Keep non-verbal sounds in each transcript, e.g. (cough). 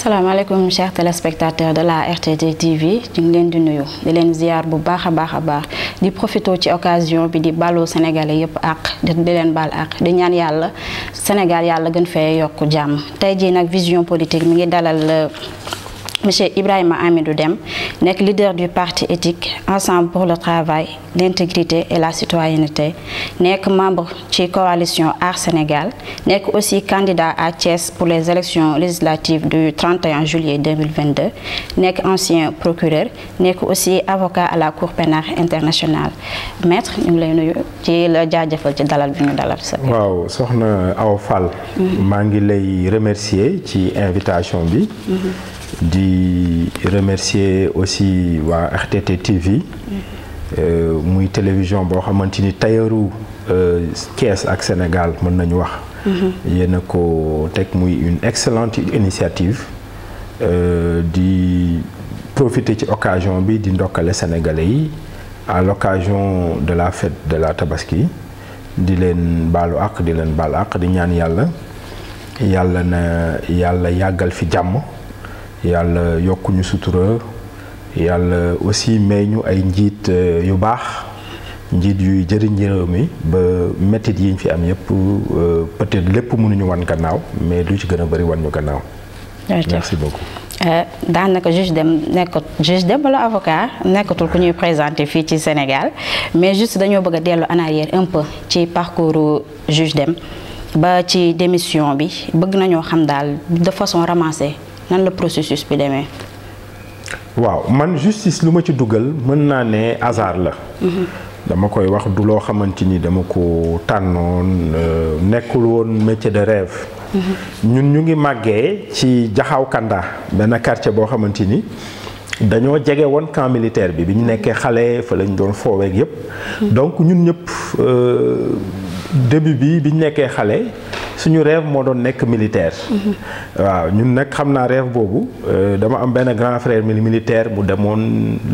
salaamaaleykum chers téléspectateurs de la RTT TV ñu ngi leen di nuyu di leen ziar bu baax a baax a baax di profito ci occasion bi di balloo sénégalais yëpp ak di leen baal ak di ñaan yàlla Sénégal yàlla gën fee yokk jàmm tey jii nag vision politique mi ngi dalal. Monsieur Ibrahima Amidou Dem nekk leader du parti éthique ensemble pour le travail l'intégrité et la citoyenneté nekk membre ci coalition Aar Sénégal nekk aussi candidat à Thiès pour les élections législatives du 31 juillet 2022 nekk ancien procureur nekk aussi avocat à la cour pénale internationale maître ñu ngi lay nuyu ci la jaajëfal ci dalal bi ñu dalal. waaw soxna Awa Fall. Mhm. maa ngi lay remercier ci invitation bi. Mhm. di remercier aussi waa RTT TV mm. euh, muy télévision boo xamante ni tayaru Thiès euh, ak Sénégal mën nañu wax mm-hmm. yéen ko teg muy une excellente initiative euh, di profiter ci occasion bi di ndokkale sénégalais yi à l'occasion de la fête de la Tabaski di leen baalu àq di leen baal àq di ñaan yàlla yàlla na yàlla yàggal fi jàmm yàlla yokku ñu sutura yàlla aussi may ñu ay njiit euh, yu baax njiit yuy jëriñ réew mi ba métit yi ñu fi am yëpp euh, peut-être lépp mënuñu wan gannaaw mais lu ci gën a bëri wan ñu gannaaw. merci beaucoup. Euh, daanaka juge dem nekkut juge dem bala avocat nekkatul ku ñuy présenté fii ci Sénégal mais juste dañoo bëgg a dellu en arrière un ci parcours juge dem ba ci démission bi bëgg nañoo xam daal de façon ramassée. nan la processus bi demee. waaw man justice lu ma ci dugal mën naa ne hasard la. Mhm. dama koy wax du loo xamante ni dama ko tànnoon euh, nekkul woon métier de rêve. Mhm. ñun ñu ngi màggee ci jaxaw kanda benn quartier boo xamante ni dañoo jege woon camp militaire bi bi ñu nekkee xale fa lañ doon fooweeg yépp mhm. donc ñun ñëpp euh, début bi bi ñu nekkee xale. suñu rêve moo doon nekk militaire. Mm-hmm. waaw ñun nag xam naa rêve boobu euh, dama am benn grand frère mi militaire mu demoon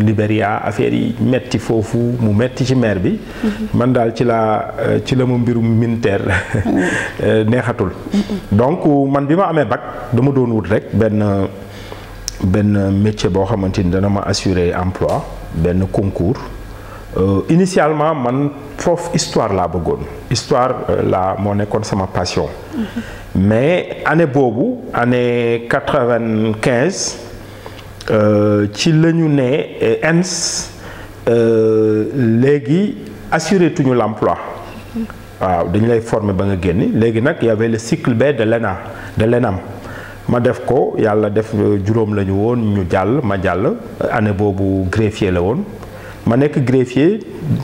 Libéria affaire yi metti foofu mu metti ci mer bi. Mm-hmm. man daal ci laa euh, ci la mu mbirum militaire mm-hmm. (laughs) euh, neexatul. donc man bi ma amee bac dama doon wut rek benn benn métier boo xamante ni dana ma assurer emploi benn concours. Euh, initialement man foofu histoire laa bëggoon histoire euh, la moo nekkoon sama passion mais année boobu année quatre-vingt-quinze euh, ci lañu ñu ne ENS léegi assuré tuñu l'emploi waaw dañu lay former ba nga génn léegi nag y avait le cycle B de l'ENA de l'ENAM ma def ko yàlla def juróom la ñu woon ñu jàll ma jàll année boobu greffier la woon ma nekk greffier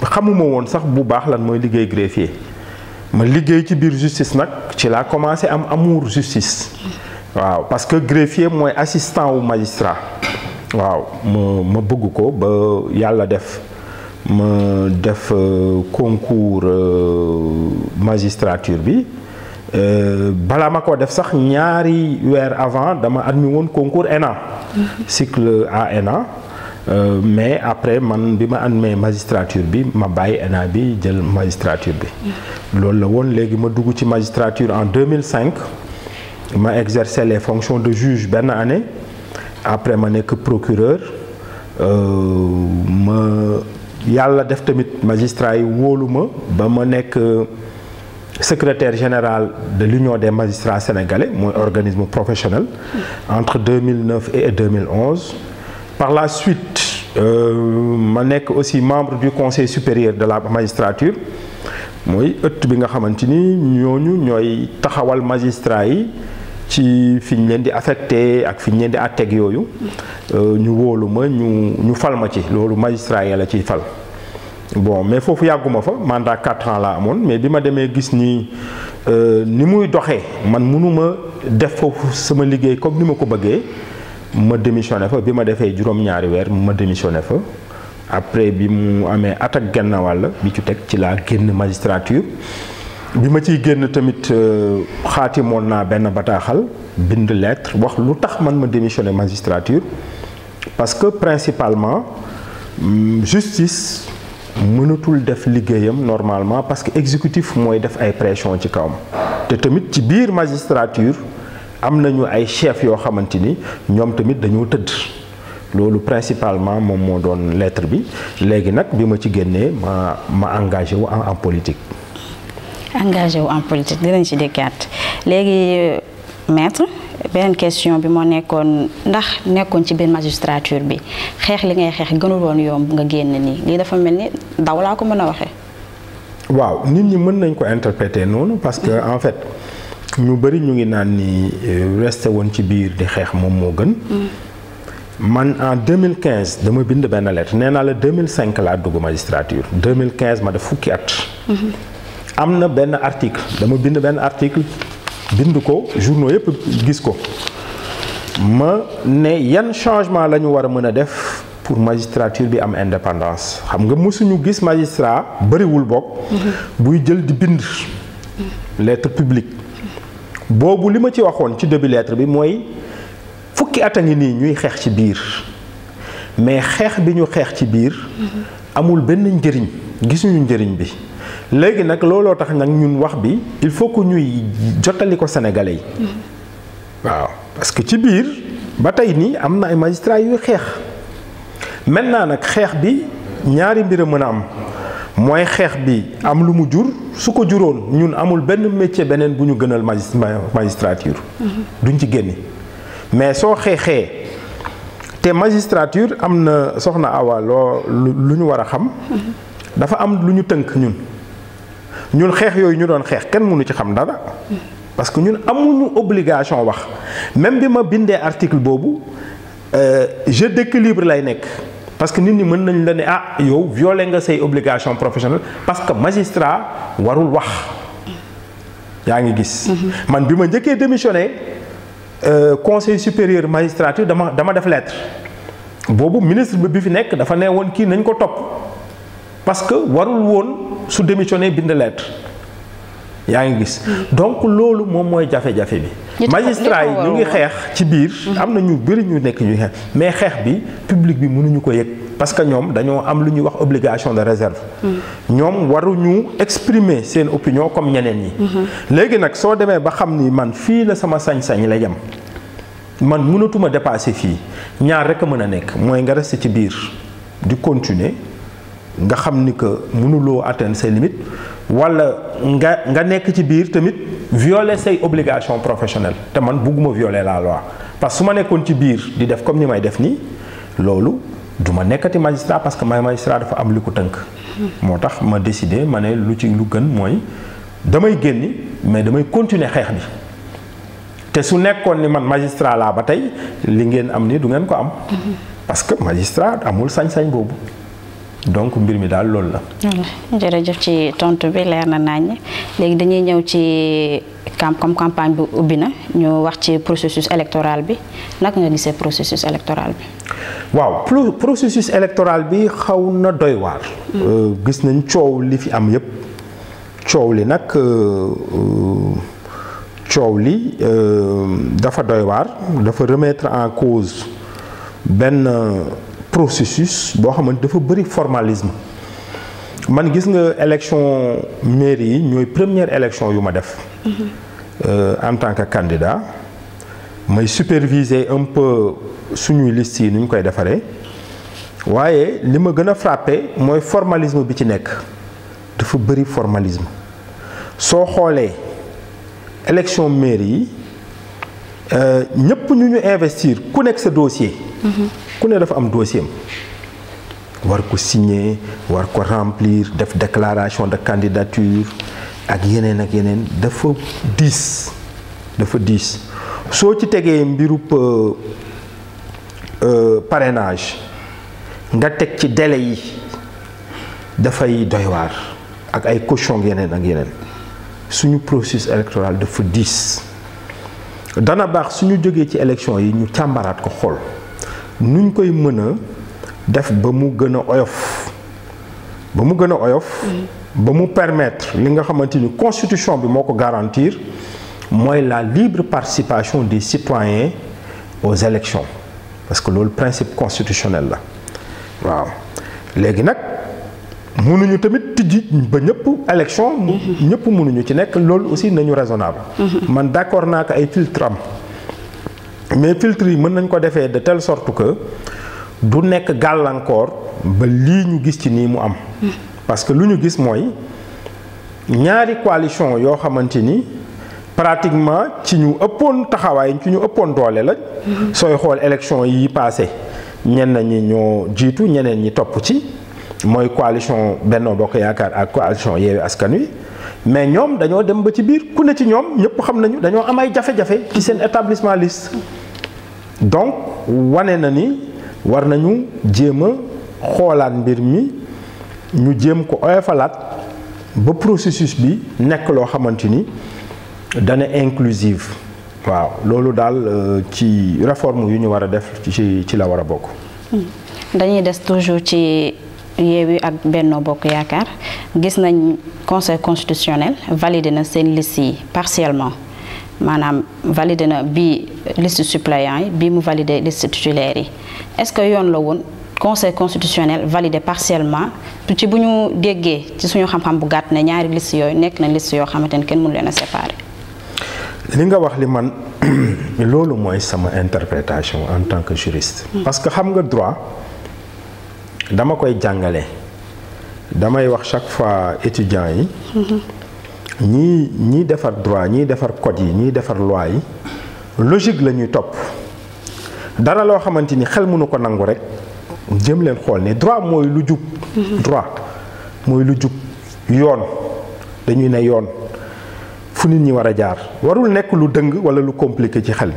xamuma woon sax bu baax lan mooy liggéey greffier ma liggéey ci biir justice nag ci laa commencé am amour justice waaw parce que greffier mooy assistant wu magistrat waaw ma ma bëgg ko ba yàlla def ma def euh, concours euh, magistrature bi euh, balaa ma ko def sax ñaari weer avant dama admis woon concours ENA mm-hmm. cycle A ENA Euh, mais après man bi ma amee magistrature bi ma bàyyi ENA bi jël magistrature bi. loolu la woon léegi ma dugg ci magistrature en 2005 ma exercer les fonctions de juge benn année après ma nekk procureur euh, ma yàlla def tamit magistrat yi wóolu ma ba ma nekk. Euh, secretaire général de l'Union de magistrats sénégalais mooy organisme professionnel entre 2009 et 2011 par la suite euh, ma nekk aussi membre du conseil supérieur de la magistrature mooy ëtt bi nga xamante ni ñooñu ñooy taxawal magistrat yi ci fiñ leen di affecté ak fiñ leen di àtteeg yooyu euh, ñu wóolu ma ñu ñu fal ma ci loolu magistrat yi la ciy fal bon mais foofu yàgguma fa mandat quatre ans laa amoon mais bi ma demee gis ni euh, ni muy doxee man mënuma def foofu sama liggéey comme ni ma ko bëggee ma démissionné fa bi ma defee juróom-ñaari weer ma démissionné fa après bi mu amee at ak genn wàll bi ci teg ci laa génn magistrature bi ma ciy génn tamit euh, xaatimoon naa benn bataaxal bind lettre wax lu tax man ma démissionné magistrature parce que principalement mm, justice mënatul def liggéeyam normalement parce que exécutif mooy def ay pression ci kawam te tamit ci biir magistrature am nañu ay chef yoo xamante ni ñoom tamit dañoo tëdd loolu principalement moom moo doon lettre bi léegi nag bi ma ci génnee ma ma engagé wu en politique. engagé wu en politique dinañ ci dikkaat léegi maître beneen question bi moo nekkoon ndax nekkoon ci benn magistrature bi xeex li ngay xeex gënul woon yomb nga génn nii lii dafa mel ni daw laa ko mën a waxee. waaw nit ñi mën nañ ko interpréter noonu parce que mm-hmm. en fait. ñu bëri ñu ngi naan ni euh, resté woon ci biir di xeex moom moo gën. man en 2015 dama bind benn lettre nee naa la 2005 laa dugg magistrature 2015 ma def fukki at. am na benn article dama bind benn article bind ko journaux yëpp gis ko ma ne yan changement lañu ñu war a mën a def pour magistrature bi am indépendance xam nga mësuñu gis magistrat bëriwul bokk. Mm-hmm. buy jël di bind lettre publique. boobu li ma ci waxoon ci début bi mooy fukki at a ngi nii ñuy xeex ci biir mais xeex bi ñu xeex ci biir amul benn njëriñ gisuñu njëriñ bi léegi nag looloo tax nag ñun wax bi il faut que ñuy jottali ko sénégalais yi waaw parce que ci biir ba tey nii am na ay magistrats yuy xeex maintenant nag xeex bi ñaari mbir a mën a am mooy xeex bi am lu mu jur su ko juróon ñun amul benn métier beneen bu ñu gënal magis magistrature. Mhm. duñ ci génn mais soo xeexee te magistrature am na soxna Awa loo lu ñu war a xam. Mhm. dafa am lu ñu tënk ñun ñun xeex yooyu ñu doon xeex kenn mënu ci xam dara. Mhm. parce que ñun amuñu obligation wax même bi ma bindee article boobu euh, jeu d'équilibre lay nekk. parce que nit ñi mën nañ la ne ah yow violé nga say obligation professionnelle parce que magistrat warul wax yaa ngi gis. Mm-hmm. man bi ma njëkkee démissionné euh, conseil supérieur magistrature dama dama def lettre boobu ministre bi bi fi nekk dafa ne woon kii nañ ko topp parce que warul woon su démissionné bind lettre. yaa ngi gis donc loolu moom mooy jafe-jafe bi magistrat yi ñu ngi xeex ci biir mhm. am na ñu bëri ñu nekk ñu xeex mais xeex bi public bi mënuñu ko yëg parce que ñoom dañoo am lu ñuy wax obligation de réserve mhm. ñoom waruñu exprimer seen opinion comme ñeneen yi mhm. léegi nag soo demee ba xam ni man fii la sama sañ-sañ la yem man mënatuma dépasser fii ñaar rek a mën a nekk mooy nga rester ci biir di continuer nga xam ni que mënuloo atteindre ses limites wala nga nga nekk ci biir tamit violer say obligation professionnel te man bugguma violer la loi parce que su ma nekkoon ci biir di def comme ni may def nii loolu du ma nekkati magistrat parce que may magistrat dafa am li ko tënk moo tax ma décidé ma ne lu ci lu gën mooy damay génni mais damay continuer xeex bi te su nekkoon ni man magistrat laa ba tey li ngeen am ni du ngeen ko am mm-hmm. parce que magistrat amul sañ-sañ boobu donc mbir mi daal loolu la. jërëjëf ci tontu bi leer na nañ léegi dañuy ñëw ci camp comme campagne bu ubbi na ñu wax ci processus électoral bi nag nga gisee processus électoral bi. waaw processus électoral bi xaw na doy waar. Mm. Euh, gis nañ coow li fi am yépp coow li nag euh, euh, coow li dafa doy waar dafa remetre en cause benn. processus boo xamante dafa bëri formalisme man gis nga élection mairie yi ñooy première élection yu ma def euh, en tant que candidat may superviser un peu suñuy liste yi nu ñu koy defaree waaye li ma gën a frappé mooy formalisme bi ci nekk dafa bëri formalisme soo xoolee élection mairie yi euh, ñëpp ñu ñu investir ku nekk sa dossier. Mm-hmm. ku ne dafa am dossier war ko signer war ko remplir def déclaration de candidature ak yeneen ak yeneen dafa diis dafa diis soo ci tegee mbirub euh, euh, parrainage nga teg ci dele yi dafay doy ak ay caution yeneen ak yeneen suñu processus électoral dafa diis dana baax suñu jógee ci élection yi ñu càmbaraat ko xool nuñ koy mën a def ba mu gën a oyof ba mu gën a oyof ba mu permettre li nga xamante ni constitution bi moo ko garantir mooy la libre participation des citoyens aux élections parce que loolu principe constitutionnel la waaw léegi nag mënuñu tamit tijji ba ñëpp élection ñëpp mënuñu ci nekk loolu aussi nañu raisonnable mm-hmm. man d'accord naa ko ay filtre am mais filtre yi mën nañ ko defee de telle sorte que du nekk gàllankoor ba lii ñu gis ci nii mu am. parce que lu ñu gis mooy ñaari coalition yoo xamante ni pratiquement ci ñu ëppoon taxawaay ci ñu ëppoon doole la. sooy xool élection yi passé ñenn ñi ñoo jiitu ñeneen ñi topp ci mooy coalition Benno Bokk Yaakaar ak coalition Yewwi Askan Wi. mais ñoom dañoo dem ba ci biir ku ne ci ñoom ñëpp xam nañu dañoo am ay jafe-jafe ci seen établissement liste. donc wane na ni war nañu jéem a xoolaat mbir mi ñu jéem ko oyofalaat ba processus bi nekk loo xamante ni dana inclusive waaw loolu daal euh, ci réforme yu ñu war a def ci ci la war a bokk. Hmm. dañuy des toujours ci Yewwi ak Benno Bokk Yaakaar gis nañ conseil constitutionnel validé na seen liste yi partiellement. maanaam validé na bii liste suppléant yi bii mu validé liste titulaire yi est-ce que yoon la woon conseil constitutionnel validé partiellement ci bu ñu déggee ci suñu xam-xam bu gàtt ne ñaari list yooyu nekk na liste yoo xamante ne kenn mënu leen a li nga wax li man (clears throat) loolu mooy sama interprétation en tant hmm. parce que xam nga droit dama koy jàngale damay wax chaque fois étudiants yi. ñii ñii defar droit ñii defar code yi ñii defar loi yi logique la ñuy topp dara loo xamante ni xel mënu ko nangu rek jëm leen xool ni droit mooy lu jub. droit mooy lu jub yoon dañuy ne yoon fu nit ñi war a jaar warul nekk lu dëng walla lu compliqué ci xel.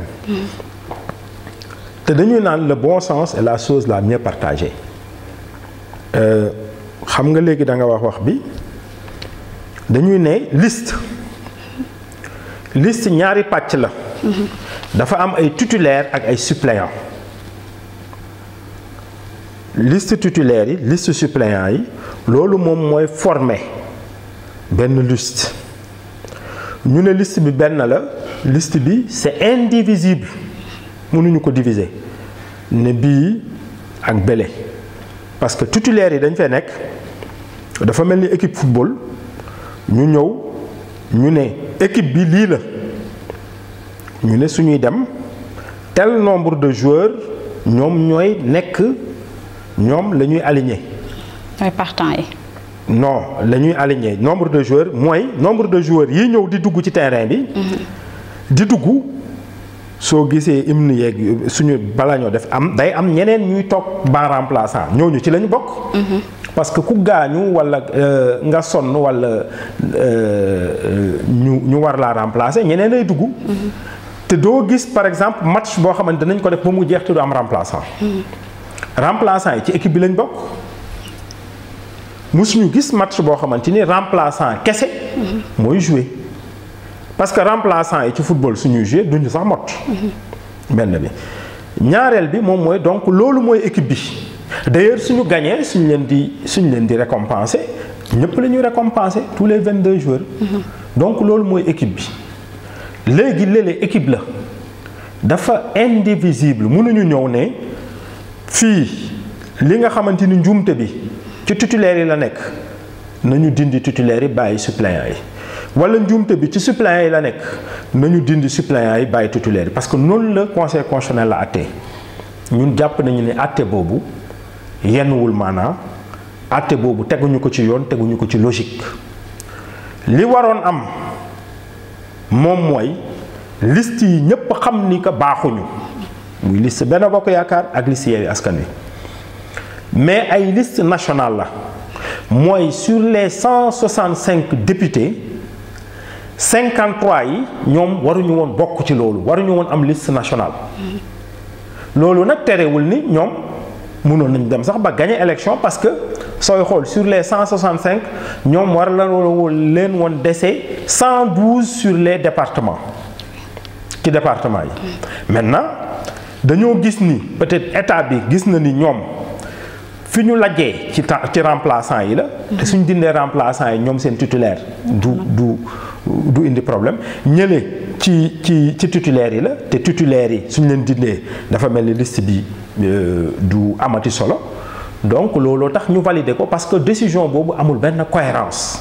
te dañuy naan le bon sens est la chose la mieux partagée euh, xam nga léegi da nga wax wax bi. dañuy ne liste liste ñaari pàcc la dafa am ay titulaire ak ay suppléant liste titulaire yi liste suppléant yi loolu moom mooy former benn liste ñu ne liste bi benn la list bi c'est indivisible mënuñu ko diviser ne bii ak bële parce que titulaire yi dañ fee nekk dafa mel ni équipe football ñu ñëw ñu ne équipe bi lii la ñu ne suñuy dem tel nombre de joueurs ñoom ñooy nekk ñoom la ñuy aligné. ñooy partant yi. la ñuy aligné nombre de joueurs mooy nombre de joueurs yi ñëw di dugg ci terrain bi. Mm-hmm. di dugg soo gisee hymne yeeg suñu bala ñoo def am day am ñeneen ñuy toog banc remplaçant ñooñu ci lañu bokk. Mm-hmm. parce que ku gaañu wala euh, nga sonn wala euh, euh, ñu ñu war laa remplacer ñeneen ay dugg. Mm-hmm. te doo gis par exemple match boo xamante nañ ko def ba mu jeex te du am remplaçant. Mm-hmm. remplaçant yi ci équipe bi lañ bokk. mu musuñu gis match boo xamante ni remplaçant kese. Mm-hmm. mooy jouer parce que remplaçant yi ci football suñuy jouer duñu sax mot. benn bi ñaareel bi moom mooy donc loolu mooy équipe bi. d'ailleurs suñu gañee suñ leen di suñ leen di récompenser ñëpp la ñuy récompenser tous les vingt deux joueurs. Mm-hmm. donc loolu mooy équipe bi léegi léeg équipe la dafa indivisible mënuñu ñëw ne fii li nga xamante ni njuumte bi ci titulaire yi la nekk nañu dindi titulaire yi bàyyi suppléant yi wala njuumte bi ci suppléant yi la nekk nañu dindi suppléant yi bàyyi titulaire yi parce que noonu la conseil constitutionnel la àtte ñun jàpp nañu ni àtte boobu. yennuwul maana àtte boobu teguñu ko ci yoon teguñu ko ci logique li waroon am moom mooy liste yi ñépp xam ni ko baaxuñu muy liste benn bokk yaakaar ak liste Yewwi Askan Wi mais ay liste nationale la mooy sur les 165 députés 53 yi ñoom waruñu woon bokk ci loolu waruñu woon am liste nationale loolu nag terewul ni ñoom mënoon nañ dem sax ba gagné élection parce que sooy xool sur les cinq ñoom war la woon leen woon dese 112 sur les départements ci département yi. maintenant dañoo gis ni peut-être état bi gis na ni ñoom. fi ñu lajjee ci ci remplaçant yi la. te suñ dindee remplaçant yi ñoom seen titulaire. du du du indi problème ñële ci ci ci titulaire yi la te titulaire yi suñ leen dindee dafa mel ni liste bi euh, du amati solo donc looloo tax ñu valider ko parce que décision boobu amul benn cohérence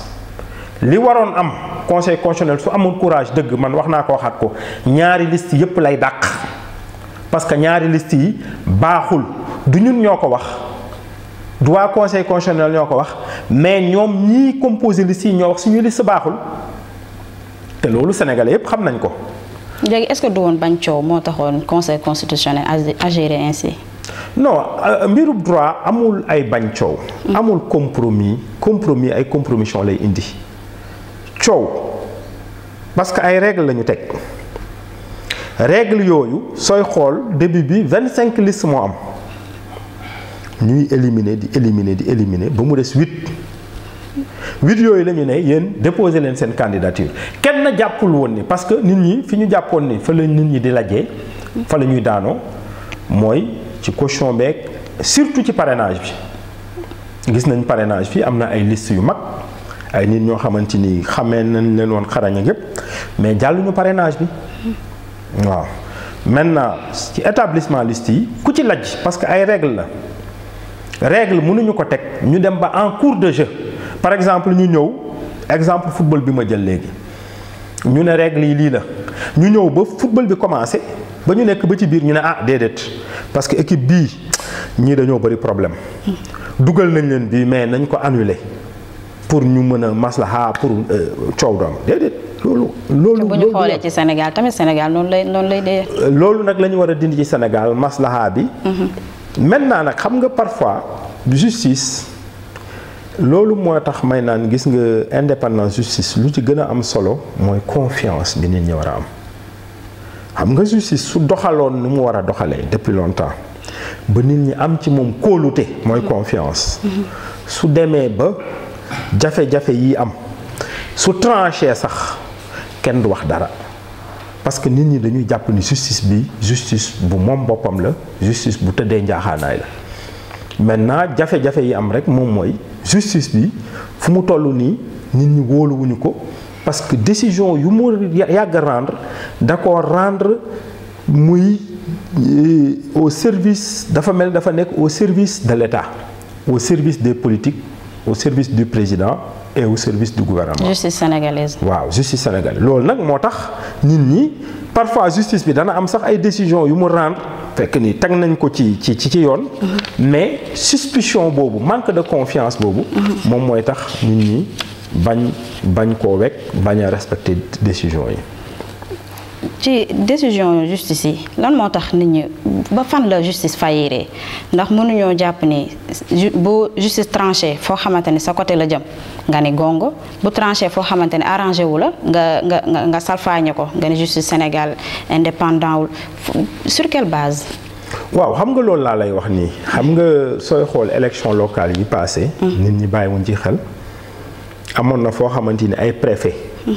li waroon am conseil constitutionnel su amoon courage dëgg man wax naa ko waxaat ko ñaari list yépp lay dàq parce que ñaari liste yi baaxul du ñun ñoo ko wax. du waa conseil constitutionnel ñoo ko wax mais ñoom ñii composé liste yi ñoo wax suñu liste baaxul te loolu sénégalais yépp xam nañ ko. léegi est-ce que du moo taxoon conseil constitutionnel à gérer ainsi. non euh, mbirub droit amul ay bañ coow. Mm. amul compromis compromis ay compromission lay indi coow parce que ay règles la ñu teg règles yooyu sooy xool début bi vingt cinq listes moo am. ñuy éliminer di éliminer di éliminer ba mu des huit huit yooyu la ñu ne yéen déposé leen seen candidature kenn jàppul woon ni parce que nit ñi fi ñu jàppoon ni fa la nit ñi di lajjee fa la ñuy daanoo mooy ci caution beeg surtout ci parrainage bi gis nañ parrainage bi am na ay liste yu mag ay nit ñoo xamante ni xamee nañ leen woon xarañ ak mais jàll jàlluñu parrainage bi waaw maintenant ci établissement liste yi ku ci lajj parce que ay règle la règle mënuñu ko teg ñu dem ba en cours de jeu par exemple ñu ñëw exemple football bi ma jël léegi ñu ne règle yi lii la ñu ñëw ba football bi commencé ba ñu nekk ba ci biir ñu ne ah déedéet parce que équipe bii ñii dañoo bëri problème dugal nañ leen bii mais nañ ko annuler pour ñu mën a maslaha pour euh, coow doom déedéet loolu. loolu bu ñu xoolee ci Sénégal tamit Sénégal noonu lay noonu lay dee. loolu nag la ñu war a dindi ci Sénégal maslaha bi. Mm-hmm. maintenant nag xam nga parfois justice loolu moo tax may naan gis nga indépendant justice lu ci gën a am solo mooy confiance bi nit ñi war a am xam nga justice su doxaloon nu mu war a doxalee depuis longtemps ba nit ñi am ci moom kóolute mooy mm-hmm. confiance mm-hmm. su demee ba jafe-jafe yi am su tranché sax kenn du wax dara parce que nit ñi dañuy jàpp ni justice bi justice bu moom boppam la justice bu tëddee njaaxaanaay la maintenant jafe-jafe yi am rek moom mooy justice bi fu mu toll nii nit ñi wóoluwuñu ko parce que décision yu mu yàgg rendre da rendre muy euh, au service dafa mel dafa nekk au service de l'État au service des politiques au service du président et au service du gouvernement. justice sénégalaise. waaw justice sénégalaise loolu nag moo tax nit ñi parfois justice bi dana am sax ay décision yu mu rendre fekk nii teg nañ ko ci ci ci yoon. Mm-hmm. mais suspicion boobu manque de confiance boobu. Mm-hmm. moom mooy tax nit ñi bañ bañ koo wekk bañ a respecter décision yi. ci décision justice yi lan moo tax nit ñi ba fan la justice fayiree ndax mënuñoo jàpp ni bu justice tranché foo xamante ni sa côté la jëm nga ni gongo bu trancher foo xamante ni arrangé wu la nga nga nga salfaañe ko nga ni justice Sénégal indépendant wul sur quelle base. waaw xam nga loolu laa lay wax nii xam nga sooy xool élection locale yi passé hmm. nit ñi bàyyiwuñ ci xel amoon na foo xamante ni ay préfet hmm.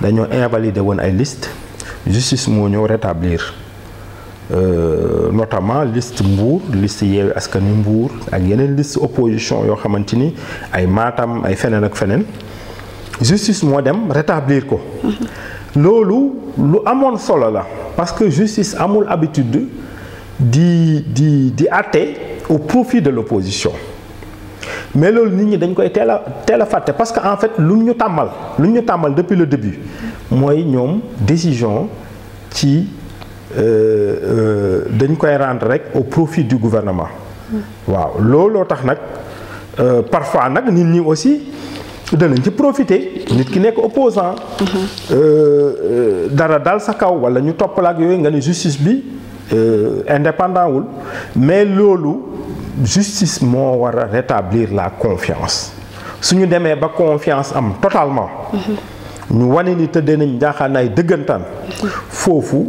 dañoo invalidé woon ay liste justice moo ñëw rétablir euh, notamment liste Mbour liste Yewwi Askan Wi Mbour ak yeneen liste opposition yoo xamante ni ay maatam ay feneen ak feneen justice moo dem rétablir ko mm-hmm. loolu lu amoon solo la parce que justice amul habitude di di di àtte au profit de l'opposition mais loolu nit ñi dañ koy teel a teel a fàtte parce que en fait lu ñu tàmmal lu ñu tàmmal depuis le début mooy ñoom décision ci euh, euh, dañ koy rendre rek au profit du gouvernement. Mm. waaw looloo tax nag euh, parfois nag nit ñi aussi danañ ci profiter nit ki nekk opposant mm-hmm. dara dal sa kaw wala ñu toppalaak yooyu nga ne justice bi indépendant wul mais loolu justice moo war a rétablir la confiance ñu demee ba confiance am totalement. Mm-hmm. ñu wane ni tëddee nañ njaaxaanaay dëggantaan foofu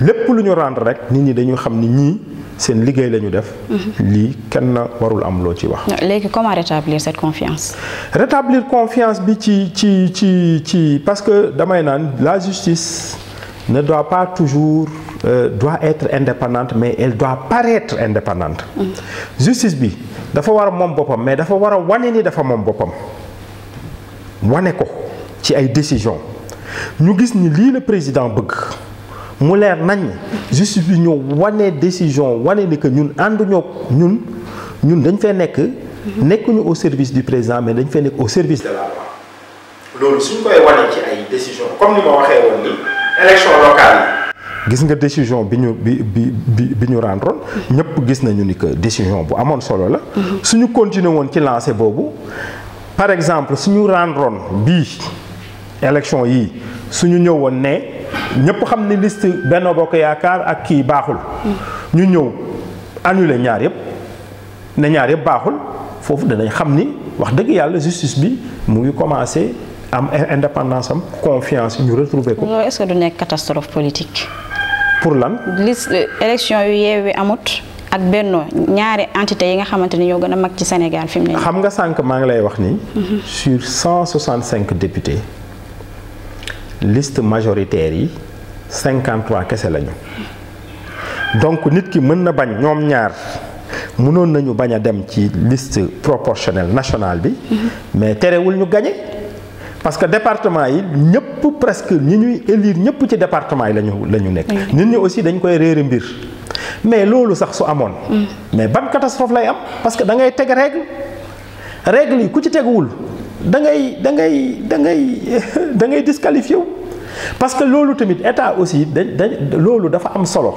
lépp lu ñu rendre rek nit ñi dañu xam ni ñii seen liggéey la ñu def. Mhm. lii kenn warul am loo ci wax. léegi comment rétablir cette confiance. rétablir confiance bi ci ci ci ci parce que damay naan la justice ne doit pas toujours euh, doit être indépendante mais elle doit paraître indépendante. Mm justice bi dafa war a moom boppam mais dafa war a wane ni dafa moom boppam wane ko. ci ay décision ñu gis ni lii la président bëgg mu leer nañ justice bi ñoo wane décision wane ni que ñun ànduñoo ñun ñun dañ fee nekk nekkuñu au service du président mais dañ fee nekk au service de la loi loolu suñ koy wane ci ay décision comme ni ma waxee woon ni élection locale gis nga décision bi ñu bi bi bi bi ñu rendroon ñëpp gis nañu ni que décision bu amoon solo la mhm. suñu continuer woon ci lancé boobu par exemple suñu rendroon bii élection yii ñëw woon ne ñëpp xam ni liste Benno Bokk Yaakaar ak kii baaxul. ñu ñëw annulé ñaar yëpp ne ñaar yëpp baaxul foofu danañ xam ni wax dëgg yàlla justice bi mu ngi commencé am indépendance am confiance ñu retrouver ko. loolu est-ce que du nekk catastrophe politique. pour lan. liste élection yu yeewi amut. ak benno ñaari entité yi nga xamante ni ñoo gën a mag ci Sénégal fi mu ne. xam nga sànq maa ngi lay wax ni. Mhm. sur 165 députés. liste majoritaire yi 53 kese lañu donc nit ki mën na bañ ñoom ñaar mënoon nañu bañ a dem ci liste proportionnelle nationale bi. mais terewul ñu gañe parce que département yi ñëpp presque ni ñuy élire ñëpp ci département yi lañu la ñu nekk. nit ñi aussi dañ koy réere mbir. mais loolu sax su amoon. Mm. mais ban catastrophe lay am parce que da ngay teg règle règle yi ku ci teguwul. da ngay da ngay da ngay (laughs) da ngay wu parce que loolu tamit état aussi dañ dañ loolu dafa am solo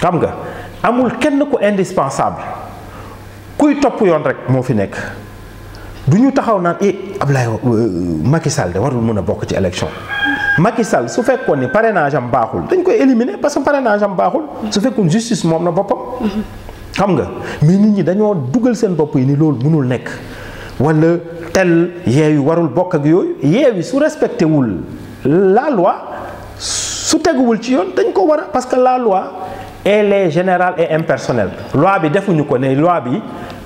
xam nga amul kenn ku indispensable kuy topp yoon rek moo fi nekk du ñu taxaw naan eh Ablaye euh, Macky Sall de warul mën a bokk ci élection Macky Sall su fekkoon ni parrainage am baaxul dañ koy éliminer parce que parrainage am baaxul. su fekkoon justice moom na boppam. xam nga mais nit ñi dañoo dugal seen bopp yi ni loolu mënul nekk. wala tel yeewi warul bokk ak yooyu yeewi su respecté wul la loi su teguwul ci yoon dañ ko war a parce que la loi elle est générale et impersonnelle loi bi defuñu ko ne loi bi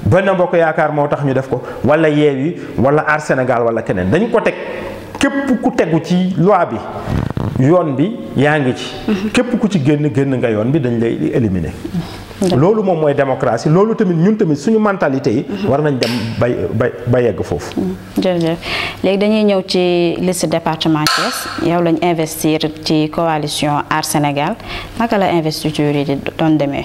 Benno Bokk Yaakaar moo tax ñu def ko wala yeewi wala Aar Sénégal wala keneen dañ ko teg képp ku tegu ci loi bi yoon bi yaa ngi ci mhm. képp ku ci génn génn nga yoon bi dañ lay éliminer loolu moom mooy démocratie loolu tamit ñun tamit suñu mentalité yi. Mhm. war nañ dem ba yegg foofu. Mhm. jërëjëf léegi dañuy ñëw ci liste département Thiès yow lañu investir ci coalition Aar Sénégal naka la investiture yi di doon demee.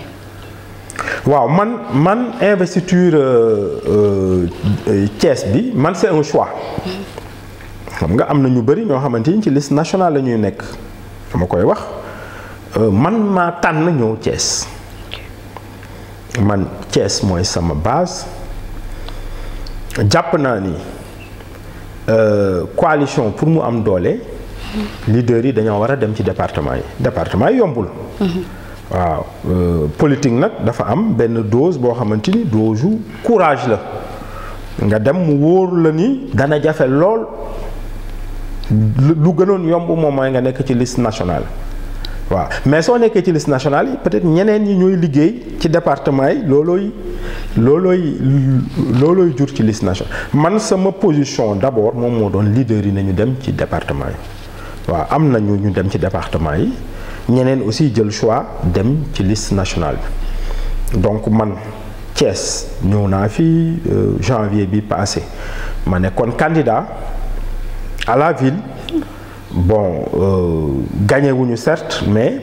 waaw man man investiture euh, euh, euh, Thiès bi man c'est choix. xam nga am na ñu bari ñoo xamante ni ci liste nationale la ñuy nekk ma koy wax man maa tànn ñëw Thiès. man Thiès mooy sama base jàpp naa ni euh, coalition pour mu am doole leader yi dañoo war a dem ci département yi département yi yombul mm-hmm. waaw euh, politique nag dafa am benn dose boo xamante ni dose courage la nga dem mu wóor la ni dana jafe lool lu gënoon yomb moom mooy nga nekk ci liste nationale waaw mais soo nekkee ci liste nationale yi peut-être ñeneen yi ñooy liggéey ci département yi loolooy loolooy loolooy jur ci liste nationale man sama position d'abord moom moo doon leader yi nañu dem ci département yi waaw am nañu ñu dem ci département yi ñeneen aussi jël choix dem ci liste nationale bi donc man Thiès ñëw naa fi euh, janvier bi passé ma nekkoon candidat à la ville bon euh, gagné wuñu certes mais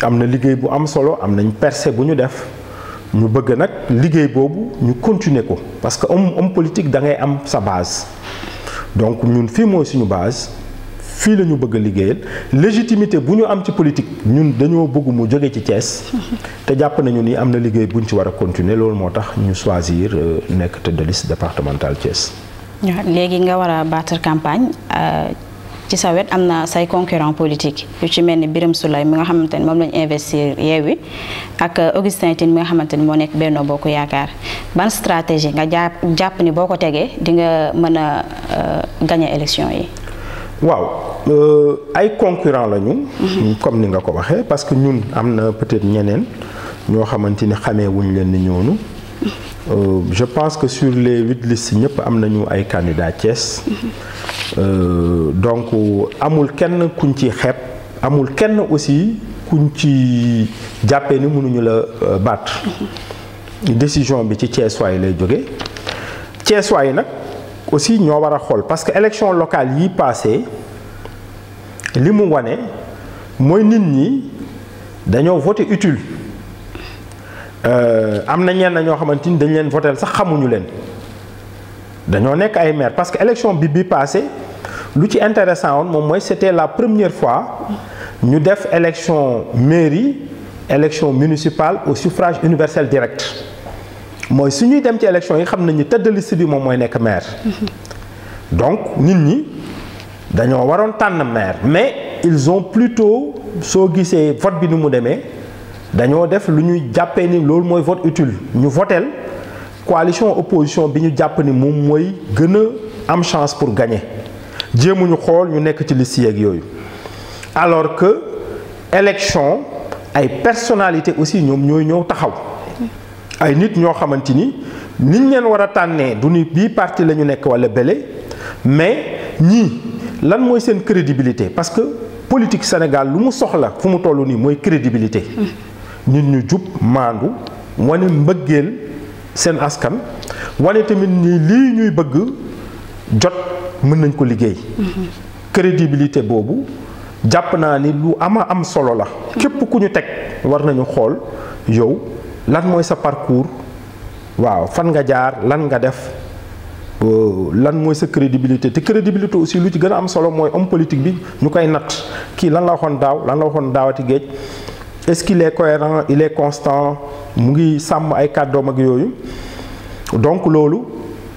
am na liggéey bu am solo am nañ percée bu ñu def ñu bëgg nag liggéey boobu ñu continuer ko parce que homme politique da ngay am sa base donc ñun fii mooy suñu base fii la ñu bëgg a liggéeyal légitimité bu ñu am ci politique ñun dañoo bëgg mu jóge ci cees (laughs) te jàpp nañu ni am na liggéey buñ ci war a continuer loolu moo tax ñu choisir euh, nekk te de liste départementale Thiès. léegi nga war a campagne. Euh, ci sa wet am na say concurrent politique yu ci mel ni biram Souleye mi nga xamante ni moom lañ investir Yewwi ak euh, Augustin Tine mi nga xamante ni moo nekk Benno Bokk Yaakaar ban stratégie nga jàpp jàpp ni boo ko tegee di nga mën a euh, gagner élection yi waaw euh, ay concurrent lañu mm-hmm. comme ni nga ko waxee parce que ñun am na peut-être ñeneen ñoo xamante ni xamee wuñ leen ni ñoonu mm-hmm. je pense que sur les huit listes ñëpp am nañu ay candidats Thiès mm-hmm. Euh, donc amul kenn kuñ ci xeeb amul kenn aussi kuñ ci jàppee ni mënuñu la euh, baat décision bi ci Ceesuwaay lay jóge Ceesuwaay nag aussi ñoo war a xool parce que élection locale yi passé li mu wane mooy nit ñi dañoo voté utile euh, am na ñenn ñoo xamante ni dañ leen voté sax xamuñu leen dañoo nekk ay maire parce que élection bi bi passé lu ci intéressant on moom mooy c'était la première fois ñu def élection mairie élection municipale au suffrage universel direct mooy su ñuy dem ci élection yi xam nañu ni tête de bi moom mooy nekk maire. donc nit ñi dañoo waroon tànn maire mais ils ont plutôt soo gisee vote bi ni mu demee dañoo def lu ñuy jàppee ni loolu mooy vote utile ñu voteel coalition opposition bi ñu jàpp ni moom mooy gën a am chance pour gagner. jéemuñu xool ñu nekk ci liste yeeg yooyu alors que élection ay personnalité aussi ñoom ñooy ñëw taxaw ay nit ñoo xamante ni niñ leen war a tànnee du ni bii parti la ñu nekk wala bële mais ñii lan mooy seen crédibilité parce que politique Sénégal lu mu soxla fu mu toll nii mooy crédibilité nit ñu jub maandu wane mbëggeel seen askan wane tamit ni lii ñuy bëgg jot mën nañ ko liggéey crédibilité boobu jàpp naa ni lu ama am solo la képp ku ñu teg war nañu xool yow lan mooy sa parcours waaw fan nga jaar lan nga def euh, lan mooy sa crédibilité te crédibilité aussi lu ci gën a am solo mooy homme politique bi ñu koy natt kii lan la waxoon daaw lan la waxoon daawati géej est-ce qu'il est cohérent il est constant mu ngi sàmm ay kàddoom ak yooyu donc loolu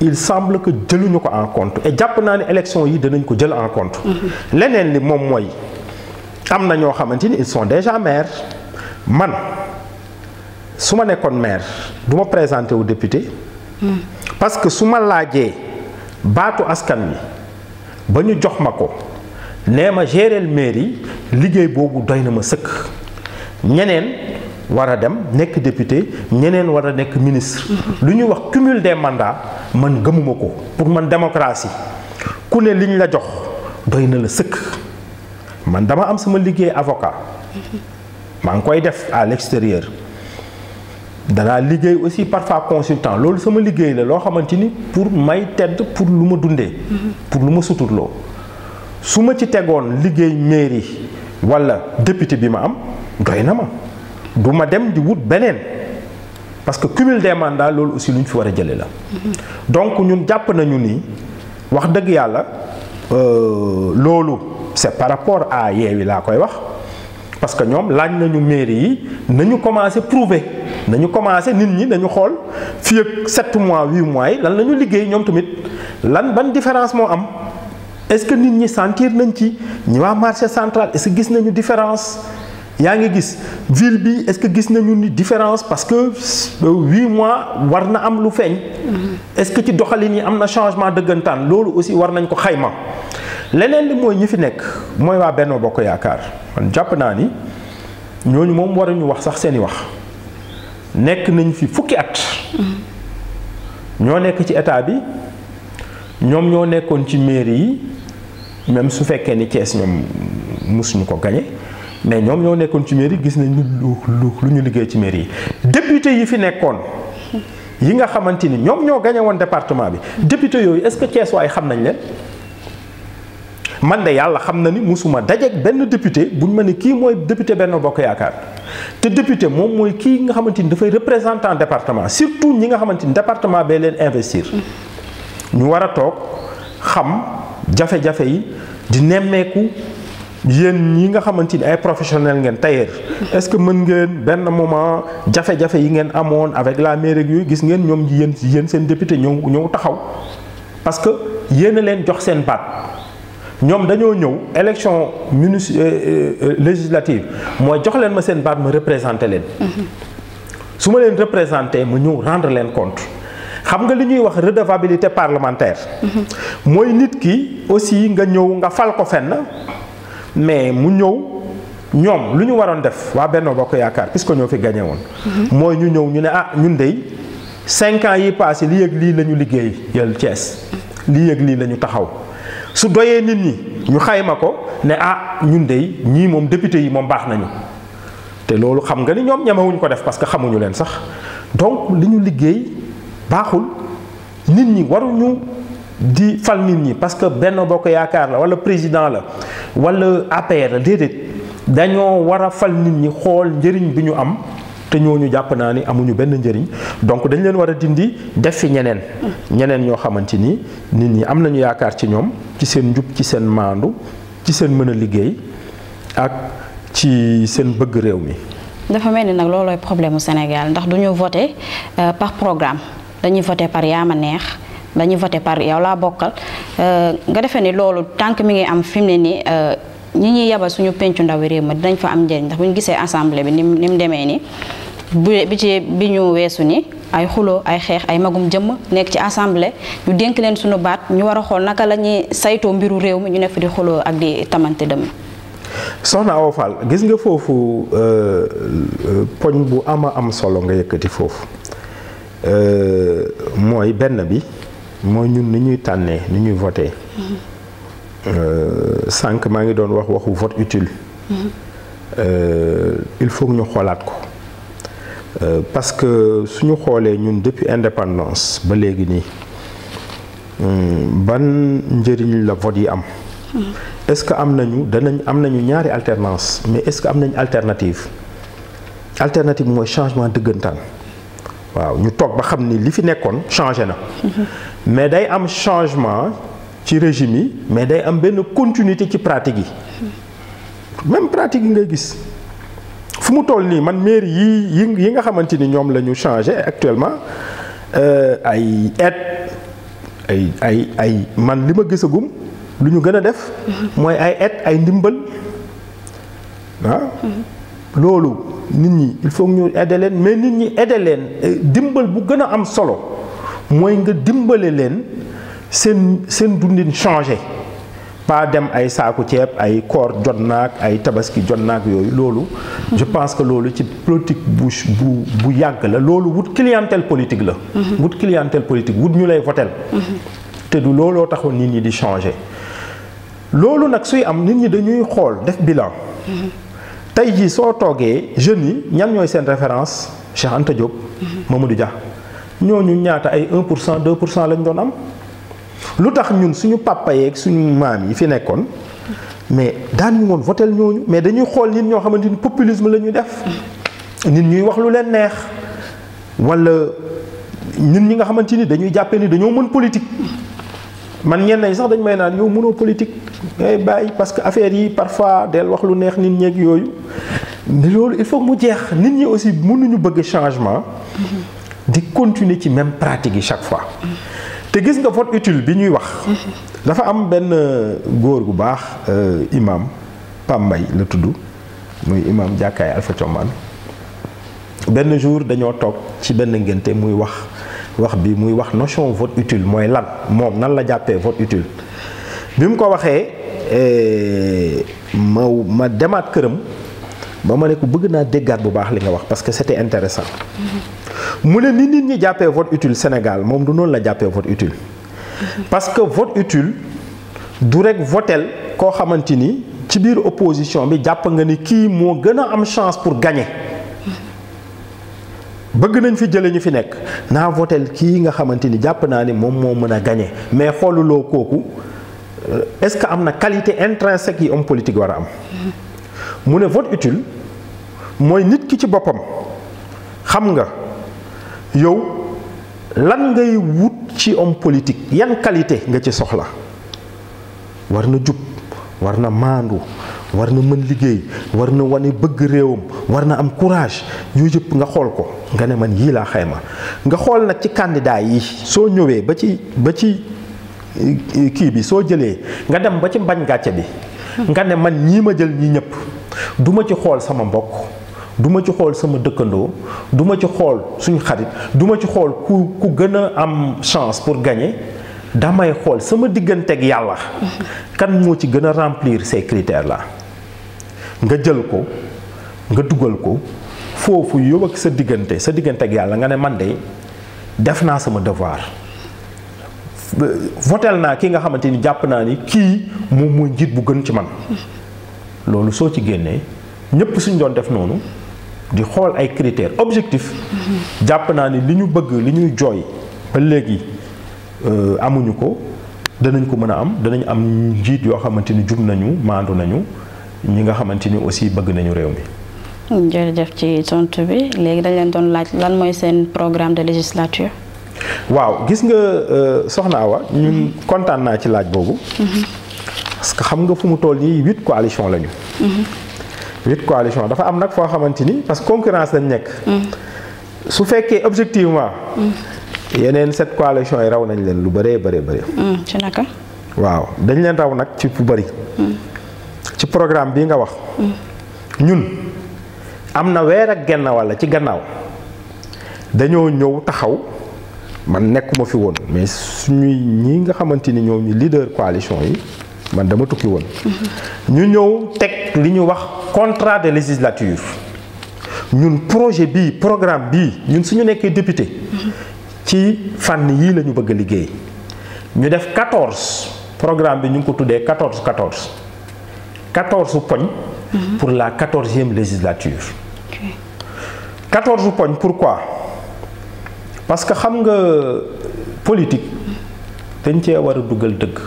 il semble que jëluñu ko en et jàpp naa ne élection yi danañ ko jël en leneen li moom mooy am na ñoo xamante ni ils sont déjà maire man su ma nekkoon maire du ma présenté wu député. parce que su ma laajee baatu askan wi ba ñu jox ma ko nee ma gérer mairie liggéey boobu doy na ma sëkk ñeneen. war a dem nekk député ñeneen war a nekk ministre mhm. lu ñu wax cumul des mandats man gëmuma ko pour man démocratie ku ne liñ la jox doy na la sëkk man dama am sama liggéey avocat mhm. maa ngi koy def à l'extérieur danaa liggéey aussi parfois consultant loolu sama liggéey la loo xamante ni pour may tedd pour lu ma dundee mhm. pour lu ma suturloo su ma ci tegoon liggéey mairie walla député bi ma am doy na ma duma dem di wut beneen parce que cumul des loolu aussi lu ñu fi war a jële la donc ñun jàpp nañu nii wax dëgg yàlla euh, loolu c'est par rapport à Yewwi laa koy wax parce que ñoom laaj nañu mairie yi nañu commencé prouver nañu commencé nit ñi nañu xool fii ak 7 mois 8 mois yi lan la ñu liggéey ñoom tamit lan ban différence moo am est-ce que nit ñi sentir nañ ci ñi waa marché central est-ce que gis nañu différence yaa ngi gis ville bi est-ce que gis nañu ni différence parce que euh, huit mois war na am lu feeñ. Mm-hmm. est-ce que ci doxalin yi am na changement dëggantaan loolu aussi war nañ ko xayma. leneen li mooy ñi fi nekk mooy waa Benno Bokk Yaakaar man jàpp naa ni ñooñu moom waruñu wax sax seeni wax nekk nañ fi fukki at. Mm-hmm. ñoo nekk ci état bi ñoom ñoo nekkoon ci mairie yi même su fekkee ni Thiès ñoom mosuñu ko gañe mais ñoom ñoo nekkoon ci mairie gis nañ lu lu ñu liggéey ci mairie yi député yi fi nekkoon yi nga xamante ni ñoom ñoo gañe woon département bi député yooyu est-ce que Thiès waay xam nañ leen man de yàlla xam na ni musuma dajeeg benn député bu ñu ma ne kii mooy député benn Bokk Yaakaar te député moom mooy kii nga xamante ni dafay représentant département surtout ñi nga xamante ni département bee leen investir ñu war a toog xam jafe-jafe yi di nemmeeku yéen ñi nga xamante ni ay professionnel ngeen tailleur est-ce que mën ngeen benn moment jafe-jafe yi ngeen amoon avec la rek yooyu gis ngeen ñoom yéen yéen seen député ñëw ñëw taxaw parce que yéen a leen jox seen baat ñoom dañoo ñëw élection munici euh, euh, euh, législative mooy jox leen ma seen baat ma représenté leen. Mm-hmm. su ma leen représenté ma ñëw rendre leen compte. xam nga li ñuy wax redevabilité parlementaire. Mm-hmm. mooy nit ki aussi nga ñëw nga fal ko fenn. mais mu ñëw ñoom lu ñu waroon def waa Benno Bokk Yaakaar ko ñoo fi gagné mooy ñu ñëw ñu ne ah ñun dey cinq ans yi passé li yëg lii lañu liggéey yal Thiès li yëg lii la taxaw su doyee nit ñi ñu xayma ko ne ah ñun dey ñii moom député yi moom baax nañu. te loolu xam nga ni ñoom ñemewuñ ko def parce que xamuñu leen sax donc li ñu liggéey baaxul nit ñi waruñu di fal nit ñi parce que Benno Bokk Yaakaar la walla président la wala APR la déedéet dañoo war a fal nit ñi xool njëriñ bi ñu am te ñu jàpp naa ni amuñu benn njëriñ donc dañ leen war a dindi def fi ñeneen. ñeneen ñoo xamante ni nit ñi am nañu yaakaar ci ñoom ci seen njub ci seen maandu ci seen mën liggéey ak ci seen bëgg réew mi. dafa mel ni nag loolooy problème mu Sénégal ndax du ñu voté euh, par programme dañuy voté par yaa ma neex. dañuy voté par yow laa bokkal euh, nga defee ni loolu tànk mi ngi am fi mu ne nii euh, ñi ñuy yabal suñu pencu ndawi réew ma dinañ fa am njëriñ ndax bu ñu gisee assemblée bi ni mu ni mu demee nii bi ci bi ñu weesu ni ay xuloo ay xeex ay magum jëmm nekk ci assemblée ñu dénk leen suñu baat ñu war a xool naka la ñuy saytoo mbiru réew mi ñu nekk fi di xuloo ak di tamante dem. soxna Awa Fall gis nga foofu euh, poñ bu ama am solo nga yëkkati foofu mooy benn bi. mooy ñun ni ñuy tànnee ni ñuy voté euh, sànq maa ngi doon wax waxu vote utile euh, il faut ñu xoolaat ko euh, parce que suñu xoolee ñun depuis indépendance ba léegi nii hmm, ban njëriñ la vote yi am est-ce que am nañu danañ am nañu ñaari alternance mais est-ce que am nañu alternative alternative mooy changement dëggantaan waaw ñu toog ba xam ni li fi nekkoon changé na mais day am changement ci régime yi mais day am benn continuité ci pratique yi même pratique yi ngay gis fu mu toll nii man mairie yi yi yi nga xamante ni ñoom la ñu changé actuellement euh, ay aide ay ay ay man li ma gisagum lu ñu gën a def mooy ay aide ay ndimbal ah mm-hmm. loolu nit ñi il faut ñu aider leen mais nit ñi aider dimbal bu gën a am solo mooy nga dimbale leen seen seen dundin changé pas dem ay saaku ceeb ay koor jot naag ay tabaski jot naag yooyu loolu. je pense que loolu ci politique bu bu bu yàgg la loolu wut clientèle politique la. Mhm. wut clientèle politique wut ñu lay votel mhm. te du looloo taxoon nit ñi di changé loolu nag suy am nit ñi dañuy xool def bilan. Mhm. tey jii soo toogee jeunes yi ñan ñooy seen référence Cheikh Anta Diop. Mhm. Mamadou Dia ñooñu ñaata ay 1 pour cent 2 pour cent lañ doon am. lu tax ñun suñu papa yeeg suñu maam yi fi nekkoon mais daanuñu woon votel ñooñu mais dañuy xool nit ñoo xamante ni populisme la ñuy def. Mhm. nit ñuy wax lu leen neex wala ñun ñi nga xamante ni dañuy jàppee ni dañoo mën politique. Mhm. man ñenn ñi sax dañ may naan yow mënoo politique ngay bàyyi parce que affaire yi parfois del wax lu neex nit ñeeg yooyu mais loolu il faut mu jeex nit ñi aussi mënuñu bëgg changement. di continuer ci même pratique yi chaque fois. te gis nga vote utile bi ñuy wax. dafa am benn euh, góor bu baax euh, imam Pam Mbay la tudd muy imaam jàkkaay Alpha Combaan benn jour dañoo toog ci benn ngénte muy wax. wax bi muy wax notion vote utile mooy lan moom nan la jàppee vote utile bi mu ko waxee eh, ma ma demaat këram ba ma ne ko bëgg naa déggaat bu baax li nga wax parce que c'était intéressant mm-hmm. mu ne ni nit ñi jàppee vote utile Sénégal moom du noonu la jàppee vote utile mm-hmm. parce que vote utile du rek votel koo xamante ni ci biir opposition bi jàpp nga ni kii moo gën a am chance pour gagner bëgg nañ fi jëlee ñu fi nekk naa votel kii nga xamante ni jàpp naa ni moom moo mën a gagné mais xooluloo kooku euh, est-ce que am na qualité intrinsèque yi homme politique war a am. mu ne vote utile mooy nit ki ci boppam xam nga yow lan ngay wut ci homme politique yan qualité nga ci soxla war na jub war na maandu. war na mën liggéey war na wane bëgg réewam war na am courage yooyu yëpp nga xool ko nga ne man yii laa xayma nga xool nag ci candidat yi soo ñëwee ba ci ba ci eh, kii bi soo jëlee nga dem ba ci mbañ gàcce bi nga ne man ñii ma jël ñii ñëpp du ma ci xool sama mbokk duma ci xool sama dëkkandoo duma ma ci xool suñu xarit duma ci xool ku ku gën a am chance pour gagner damay xool sama digganteeg yàlla mm-hmm. kan moo ci gën a remplir ces critères là nga jël ko nga dugal ko foofu yow ak sa diggante sa diggante ak yàlla nga ne man de def naa sama devoir votel naa ki nga xamante ni jàpp naa ni kii moom mooy njiit bu gën ci man loolu soo ci génnee ñépp suñ doon def noonu di xool ay critères objectif jàpp naa ni li ñu bëgg li ñuy jooy ba léegi euh, amuñu ko danañ ko mën a am danañ am njiit yoo xamante ni jub nañu maandu nañu ñi nga xamante ni aussi bëgg nañu réew mi. jërëjëf ci tontu bi léegi dañ leen doon laaj lan mooy seen programme de législature. waaw gis nga euh, soxna wa ñun mhm. kontaan naa ci laaj boobu. Mhm. parce que xam nga fu mu toll nii huit coalition lañu. Mhm. huit coalition dafa am nag foo xamante ni parce que concurrence lañ nekk. su fekkee objectivement. yeneen sept coalition yi raw nañ leen lu bëree bëree bëri. ci naka. waaw dañ leen raw nag ci fu bëri. ci programme bi nga wax. ñun am na weer ak genn walla ci gannaaw dañoo ñëw taxaw man nekkuma fi woon mais suñuy ñi nga xamante ni ñoom ñu leader coalition yi man dama tukki woon. ñu ñëw teg li ñu wax contrat de législature ñun projet bii programme bi ñun suñu nekkee député. ci fànn yii la ñu bëgg a liggéey ñu def 14 programme bi ñu ngi ko tuddee 14 14. quatorze poñ mhm. pour la quatorzième législature quatorze poñ pourquoi parce que xam nga politique dañ cee war a dugal dëgg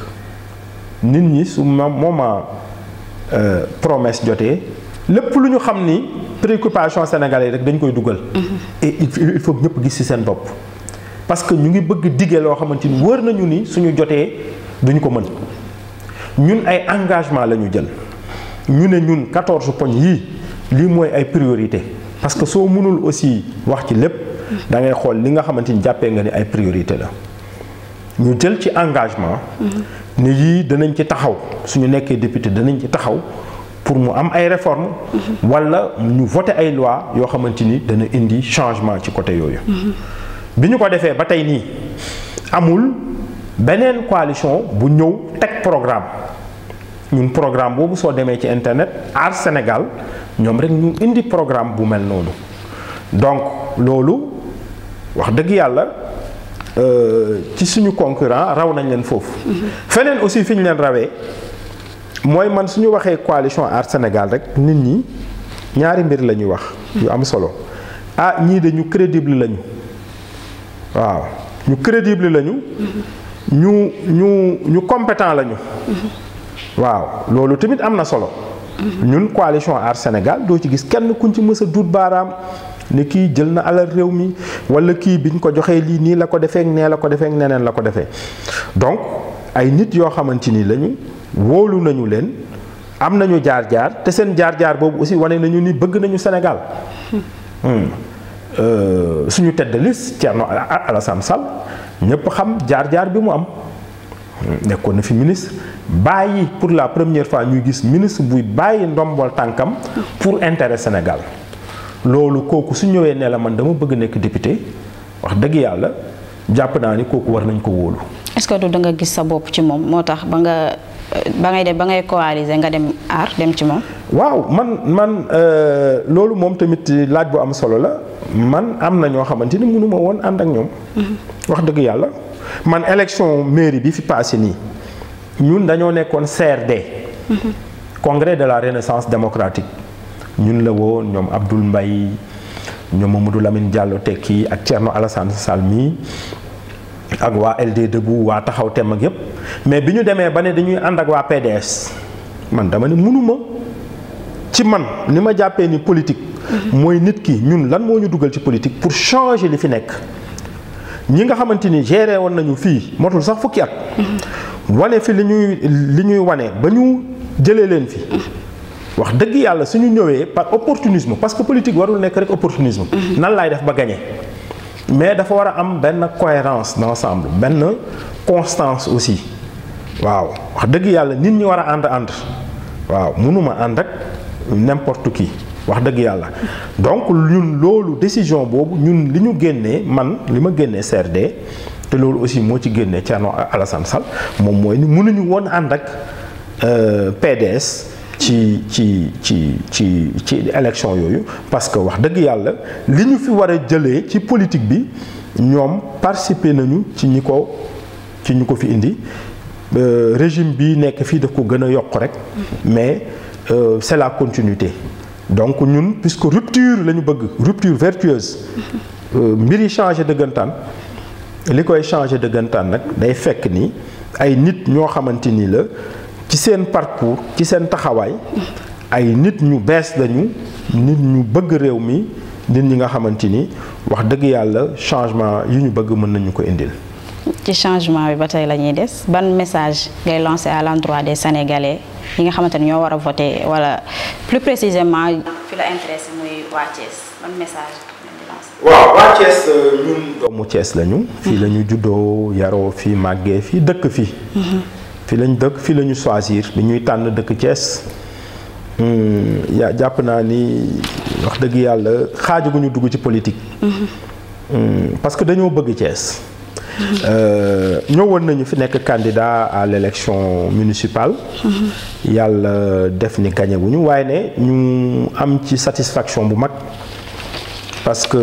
nit ñi su ma moment euh, promesse jotee lépp lu ñu xam ni préoccupation sénégalais yi rek dañ koy dugal mhm. et il faut ñëpp gis ci seen bopp parce que ñu ngi bëgg dige loo xamante ni wër nañu ni suñu jotee duñu ko mën ñun ay engagement la ñu jël ñu ne ñun 14 poñ yii lii mooy ay priorité parce que soo mënul aussi wax ci lépp dangay xool li nga xamante ni jàppee nga ni ay priorité la ñu jël ci engagement mm-hmm. ni yii danañ ci taxaw su ñu nekkee député danañ ci taxaw pour mu am ay réformes mm-hmm. walla ñu voté ay loi yoo xamante ni dana indi changement ci côté yooyu mm-hmm. bi ñu ko defee ba tey nii amul beneen coalition bu ñëw teg programme ñun programme boobu soo demee ci internet Aar Sénégal ñoom rek ñu indi programme bu mel noonu donc loolu wax dëgg yàlla euh, ci suñu concurrent raw nañ leen foofu. feneen aussi fi ñu leen rawee mooy man suñu waxee coalition Aar Sénégal rek nit ñi ñaari mbir la ñuy wax. yu am solo ah ñii de ñu crédible lañu waaw ñu crédible lañu. Mm-hmm. ñu ñu ñu compétent lañu. Mm-hmm. waaw loolu tamit am na solo. Mhm. ñun coalition Aar Sénégal doo ci gis kenn ku kuñ ci mës a baaraam ne kii jël na alal réew mi wala kii biñ ko joxee lii nii la ko defee nee la ko defee neneen la ko defee donc ay nit yoo xamante ni lañu wóolu nañu leen am nañu jaar-jaar te seen jaar-jaar boobu aussi wane nañu ni bëgg nañu Sénégal. (laughs) Hmm. Euh, suñu tête de liste Thierno Alassane Sall ñëpp xam jaar-jaar bi mu am. nekkoon na fi ministre bàyyi pour la première fois ñuy gis ministre buy bàyyi ndombol tànkam pour intérêt Sénégal loolu kooku su ñëwee nee la man dama bëgg nekk député wax dëgg yàlla jàpp naa ni kooku war nañ ko wóolu. est-ce que du da nga gis sa bopp ci moom moo tax ba nga ba ngay dem ba ngay coaliser nga dem aar dem ci moom. waaw man man euh, loolu moom tamit laaj bu am solo la man am na ñoo xamante ni mënuma woon ànd ak ñoom. Mm-hmm. wax dëgg yàlla. man élection mairie bi fi passé nii ñun dañoo nekkoon CRD. congrès de la renaissance démocratique ñun la woo ñoom Abdoul Mbaye ñoom Mamadou Lamine Diallo Tekki ak Thierno Alassane Sall mii ak waa LD Debout waa taxaw tem ak yépp mais bi ñu demee ba ne dañuy ànd ak waa PDS man dama ne mënuma ci man ni ma jàppee ni politique. Mhm. mooy nit ki ñun lan moo ñu dugal ci politique pour changer li fi nekk. ñi nga xamante ni gere woon nañu fii motul sax fukki at wane fi li ñuy li ñuy wane ba ñu jëlee leen fi wax dëgg yàlla suñu ñëwee par opportunisme parce que politique warul nekk rek opportunisme nan laay def ba gagné mais dafa war a am benn cohérence d'ensemble benn constance aussi waaw wax dëgg yàlla nit ñi war a ànd ànd waaw mënuma ànd ak n'importe qui wax dëgg yàlla donc ñun loolu décision boobu ñun li ñu génnee man li ma génnee CRD te loolu aussi moo ci génnee Thierno Alassane Sall moom mooy ni mënuñu woon ànd ak euh, PDS ci ci ci ci ci élection yooyu parce que wax dëgg yàlla li ñu fi war a jëlee ci politique bi ñoom participer nañu ci ñi ko ci ñi ko fi indi euh, régime bi nekk fii daf ko gën a yokk rek mais euh, c'est la continuité donc ñun puisque rupture la ñu bëgg rupture vertueuse euh, mbir yi changé dëggantaan li koy changé dëggantaan nag day fekk ni ay nit ñoo xamante ni la ci seen parcours ci seen taxawaay ay nit ñu bees lañu nit ñu bëgg réew mi nit ñi nga xamante ni wax dëgg yàlla changement yu ñu bëgg mën nañu ko indil ci changement bi ba tey la ñuy des ban message ngay lancer à l'endroit des sénégalais yi nga xamante ni ñoo war a voter wala plus précisément. fi la intéressé muy waa Thiès ban message. waaw waa Thiès euh, ñun doomu Thiès lañu. fii la juddoo yaroo fii màggee fii dëkk fii. Mhm. fii lañ dëkk fii lañu ñu choisir ñuy tànn dëkk Thiès. Hmm, jàpp naa ni wax dëgg yàlla xaajaguñu dugg ci politique. Mhm. Hmm, parce dañoo bëgg Thiès. Euh, ñëwoon nañu fi nekk candidat à l'élection municipale. Mhm. yàlla def ni gagné wuñu waaye ne ñu am ci satisfaction bu mag parce que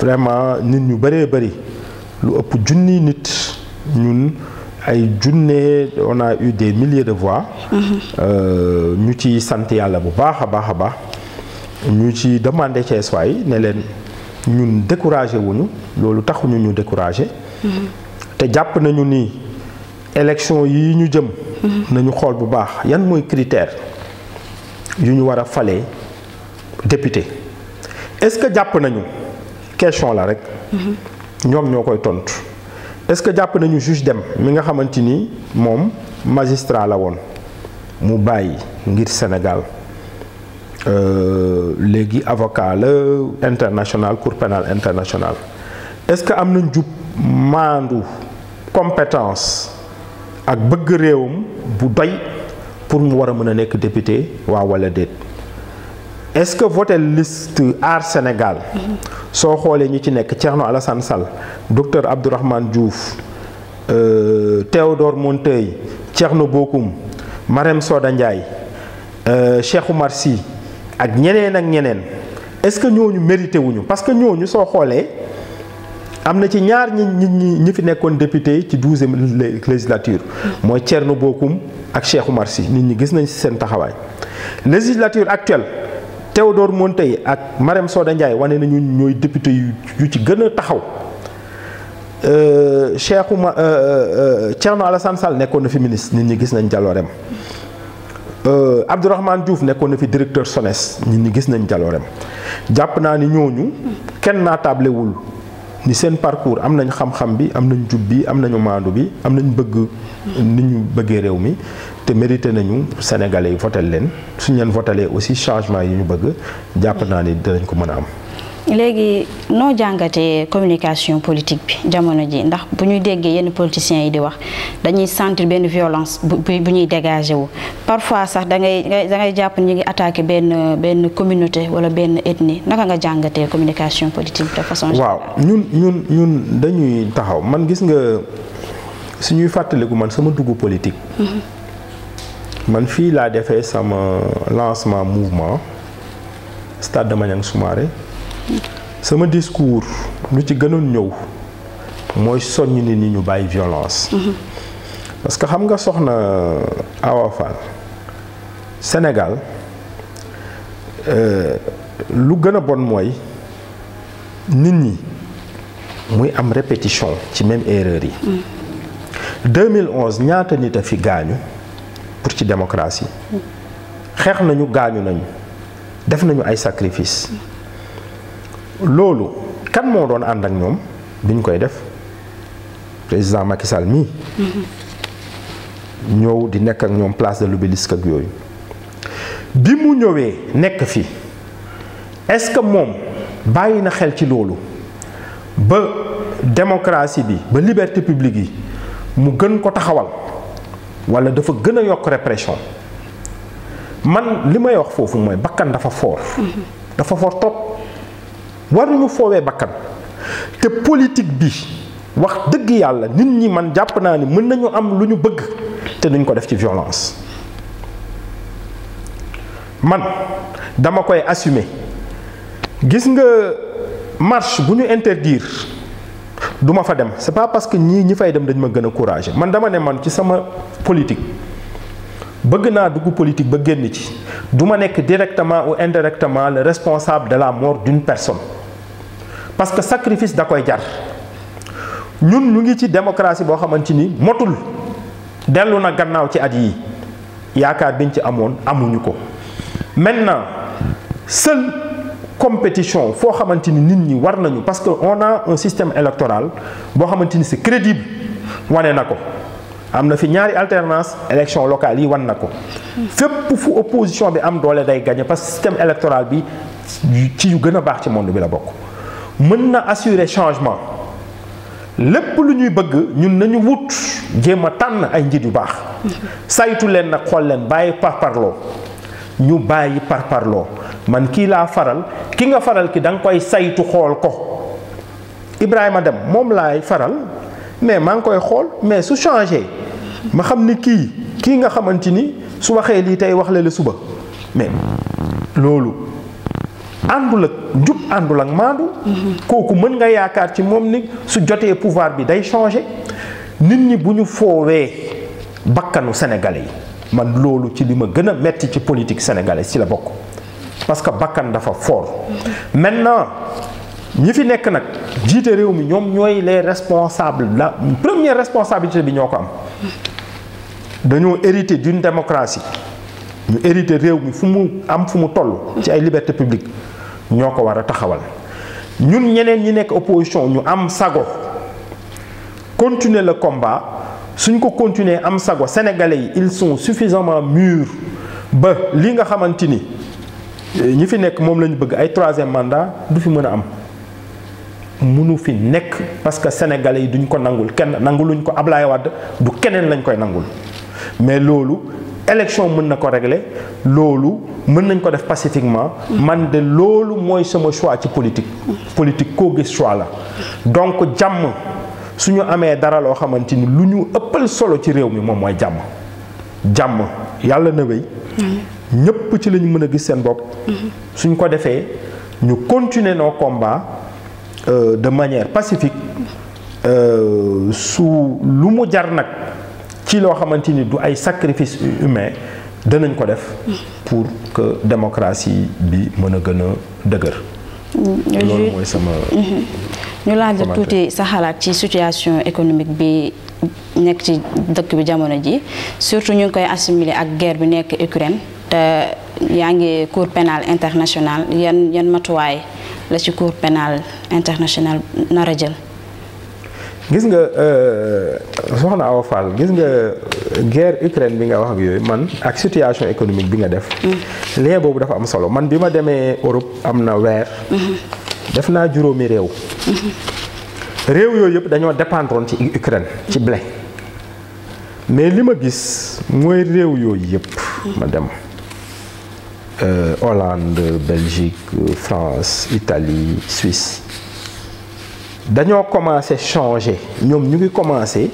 vraiment nit ñu bëree bëri lu ëpp junni nit ñun. ay junne on a eu des milliers de voix. Mhm. Euh, ñu ci sant yàlla bu baax a baax a baax ñu ci demandé Cees waay ne leen. ñun découragé wuñu loolu taxuñu ñu découragé. te jàpp nañu ni élection yi ñu jëm. nañu xool bu baax yan mooy critère yu ñu war a falee député est-ce que jàpp nañu question la rek. ñoom ñoo koy tontu est-ce que jàpp nañu juge dem mi nga xamante ni moom magistrat la woon mu bàyyi ngir Sénégal. Euh, léegi avocat la international cour pénale internationale est-ce que am nañ jub maandu compétence ak bëgg réewam bu doy pour mu war a mën a nekk député waa walla déet est-ce que voté liste aar Sénégal soo xoolee ñu ci nekk Thierno Alassane sal docteur Abdourahmane Diouf euh, Théodore Montey Thierno Bocoum Marème Soda Ndiaye euh, Cheikh Oumar Sy ak ñeneen ak ñeneen est-ce que ñooñu mérité wuñu parce que ñooñu soo xoolee am na ci ñaar ñi ñi ñi fi nekkoon député ci douzième législature mooy nu Bocoum ak Cheikh Oumar Sy nit ñi gis nañ ci seen taxawaay législature actuelle Théodore Monteil ak Marème Soda Ndiaye wane nañu ñooy député yu ci gën a taxaw euh, Cheikh Oumar euh, euh, Thierno Alassane Sall nekkoon na fi ministre nit ñi gis nañ jaloorem Euh, Abdourahmane Diouf nekkoon na fi directeur SONES ñun ñi gis nañ jaloorem jàpp naa ni ñooñu kenn naa taablewul ni seen parcours am nañ xam-xam bi am nañ jub bi am nañu maandu bi am nañ bëgg ni ñu bëggee réew mi te mérité nañu sénégalais yi votel leen suñ leen votelee aussi changement yi ñu bëgg jàpp naa ni dinañ ko mën a am léegi noo jàngatee communication politique bi jamono ji ndax bu ñuy déggee yenn politiciens yi di wax dañuy sentir benn violence bu ñuy dégagé wu parfois sax da ngay da jàpp ñu ngi attaqué benn benn communauté wala benn ethnie naka nga jàngatee communication politique bi de waaw ñun ñun ñun dañuy taxaw man gis nga suñuy fàttaliku man sama dugg politique mm-hmm. man fii laa defee sama lancement mouvement stade Maniang Soumaré sama discours lu ci gënoon ñëw mooy soññ nit ñi ñu bàyyi violence. parce que xam nga soxna Awa Fall Sénégal euh, lu gën a bon mooy nit ñi muy am répétition ci même erreur yi. 2011 ñaata nit a fi gaañu pour ci démocratie xeex nañu gaañu nañu def nañu ay sacrifice loolu kan moo doon ànd ak ñoom biñ koy def président Macky Sall mii. Mm-hmm. ñëw di nekk ak ñoom place de l'Obélisque ak yooyu bi mu ñëwee nekk fi est-ce que moom bàyyi na xel ci loolu ba démocratie bi ba liberté publique yi mu gën ko taxawal walla dafa gën a yokk répression man li may wax foofu mooy bakkan dafa foor mm-hmm. dafa foor trop war waruñu foowee bakkan te politique bi wax dëgg yàlla nit ñi man jàpp naa ni mën nañu am lu ñu bëgg te duñ ko def ci violence man dama koy assumer gis nga marche bu ñu interdire duma ma fa dem c'est pas parce que ñii ñi fay dem dañ ma gën a courage man dama ne man ci sama politique bëgg naa dugg politique ba génn ci du ma nekk directement ou indirectement le responsable de la mort d'une personne parce que sacrifice da koy jar ñun ñu ngi ci démocratie boo xamante ni motul dellu na gannaaw ci at yi yaakaar biñ ci amoon amuñu ko maintenant seule compétition foo xamante ni nit ñi war nañu parce que on a un système électoral boo xamante ni c'est crédible wane na ko am na fi ñaari alternance élection locale yi wan na ko fépp fu opposition bi am doole day gagné parce que système électoral bi ci yu gën a baax ci monde bi la bokk mën na assurer changement lépp lu ñuy bëgg ñun nañu wut jéem a tànn ay njiit yu baax saytu leen nag xool leen bàyyi parparloo ñu bàyyi parparloo man kii laa faral ki nga faral ki da nga koy saytu xool ko Ibrahima Dem moom laay faral mais maa ngi koy xool mais su changé ma xam ni kii kii nga xamante ni su waxee lii tey wax la la suba mais loolu àndul ak njub àndul ak maandu. kooku mën nga yaakaar ci moom ni su jotee pouvoir bi day changé nit ñi bu ñu foowee bakkanu sénégalais yi man loolu ci li ma gën a metti ci politique sénégalaise ci la bokk parce que bakkan dafa fort maintenant ñi fi nekk nag jiite réew mi ñoom ñooy les responsable la première responsabilité bi ñoo ko am dañoo hérité d'une démocratie ñu hérité réew mi fu mu am fu mu toll ci ay liberté publique ñoo ko war a taxawal ñun ñeneen ñi nekk opposition ñu am sago continuer le combat suñ ko continuer am sago sénégalais yi ils sont suffisamment mûrs ba li nga xamante ni eh, ñi fi nekk moom lañu bëgg ay troisième mandat du fi mën a am munu fi nekk parce que sénégalais yi duñ ko nangul kenn nanguluñ ko Ablaye Wade du keneen lañ koy nangul mais loolu élection mën na ko régler loolu mën nañ ko def pacifiquement man de loolu mooy sama choix ci politique politique koo gis choix la donc jàmm su ñu amee dara loo xamante ni lu ñu ëppal solo ci réew mi moom mooy jàmm jàmm yàlla na wéy ñëpp ci lañu mën a gis seen bopp suñ ko defee ñu continuer nos combats euh, de manière pacifique euh, su lu mu jar nag ci loo xamante ni du ay sacrifice humain danañ ko def pour que démocratie bi mën a gën a dëgër mm, loolu mooy sama mm-hmm. ñu laaj la tuuti sa xalaat ci situation économique bi nekk ci dëkk bi jamono ji surtout ñu ngi koy assimiler ak guerre bi nekk Ukraine te yaa ngi cour pénal international yenn yenn matuwaay la ci cour pénal international nar a gis nga euh, soxna Awa Fall gis nga euh, guerre Ukraine bi nga wax ak yooyu man ak situation économique bi nga def. Mm-hmm. lien boobu dafa am solo man bi ma demee Europe am na weer. Mm-hmm. def naa juróomi réew. Mm-hmm. réew yooyu yëpp dañoo dépendroon ci Ukraine ci blé. mais li ma gis mooy réew yooyu yëpp. ma dem euh, Hollande Belgique France Italie Suisse. dañoo commencé changer ñoom ñu ngi commencé